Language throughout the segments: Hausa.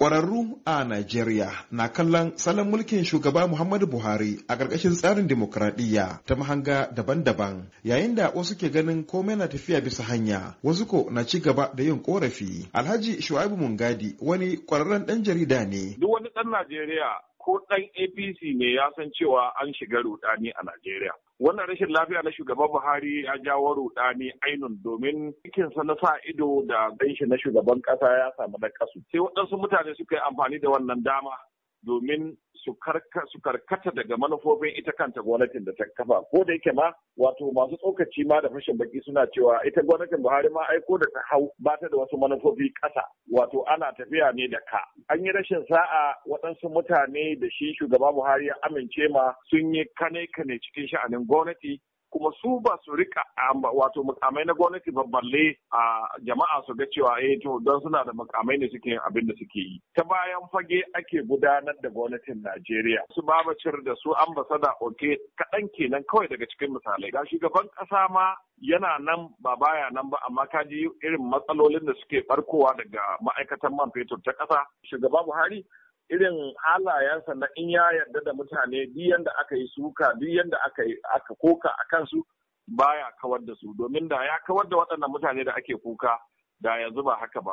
Ƙwararru a Najeriya na kallon salon mulkin shugaba Muhammadu Buhari a ƙarƙashin tsarin demokradiyya ta mahanga daban-daban, yayin da wasu ke ganin komai na tafiya bisa hanya, wasu ko na ci gaba da yin ƙorafi. Alhaji Shu'aibu Mungadi wani ƙwararren ɗan jarida ne. Duk wani ɗan Najeriya ko ɗan APC ne ya san cewa an shiga rudani a Najeriya. Wannan rashin lafiya na shugaban Buhari ya jawo rudani ainun domin cikinsa na sa ido da ganshi na shugaban ƙasa ya samu na kasu. Sai waɗansu mutane suka yi amfani da wannan dama domin su karkata daga manufofin ita kanta gwamnatin da ta kafa ko da yake ma wato masu tsokaci ma da fashin baki suna cewa ita gwamnatin Buhari ma aiko da ta hau ba ta da wasu manufofi ƙasa wato ana tafiya ne da ka an yi rashin sa'a waɗansu mutane da shi shugaba Buhari ya amince ma sun yi kane kane cikin sha'anin gwamnati kuma su ba su rika wato mukamai na gwamnati ba balle a jama'a su ga cewa eh to don suna da mukamai ne suke abin da suke yi ta bayan fage ake gudanar da gwamnatin Najeriya su babacir da su ambasada oke kaɗan kenan kawai daga cikin misalai ga shugaban ƙasa ma yana nan ba baya nan ba amma ka ji irin matsalolin da suke barkowa daga ma'aikatan man fetur ta ƙasa shugaba Buhari irin halayensa na in ya yarda da mutane duk yadda aka yi suka duk yadda aka koka a kansu baya kawar da su domin da ya kawar da waɗannan mutane da ake kuka da yanzu ba haka ba.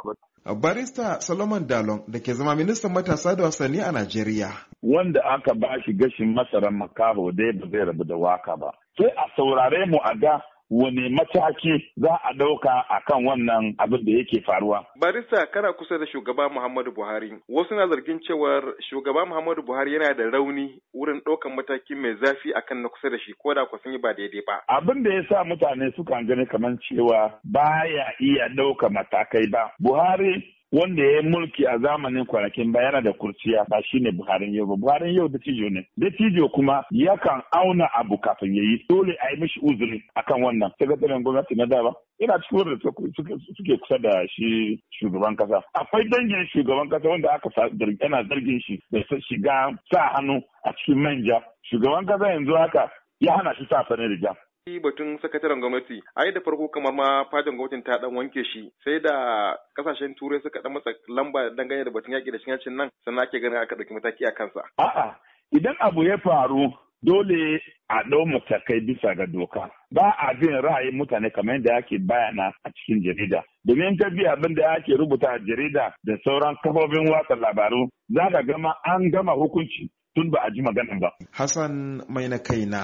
Barista Solomon Dalon da ke zama ministan matasa da wasanni a Najeriya. Wanda aka ba shi gashin masarar makaho dai ba zai rabu da waka ba. Sai a saurare mu a ga wane mataki za a ɗauka a kan wannan abin da yake faruwa. Barista kana kusa da shugaba Muhammadu Buhari. Wasu na zargin cewar shugaba Muhammadu Buhari yana da rauni wurin ɗaukan mataki mai zafi a kan na kusa da shi ko da kusan yi ba daidai ba. Abin da ya sa mutane sukan gani kamar cewa baya iya ɗauka matakai ba. Buhari wanda ya yi mulki a zamanin kwanakin ba yana da kurciya ba shine buharin yau ba buharin yau da tijo ne da tijo kuma yakan auna abu kafin ya yi dole a yi mishi uzuri akan wannan sakataren gwamnati na da ba yana cikin da suke kusa da shi shugaban kasa akwai dangin shugaban kasa wanda aka yana zargin shi da shiga sa hannu a cikin manja shugaban kasa yanzu haka ya hana shi sa sanar da batun sakataren gwamnati ai da farko kamar ma fadin gwamnatin ta dan wanke shi sai da kasashen turai suka dan masa lamba dangane da batun yaki da cin nan sannan ake gani aka dauki mataki a kansa a'a idan abu ya faru dole a ɗau matakai bisa ga doka ba a bin ra'ayin mutane kamar yadda ake bayana a cikin jarida domin ka biya abin da ake rubuta a jarida da sauran kafofin watsa labaru za ka gama an gama hukunci tun ba a ji magana ba. Hassan mai na kaina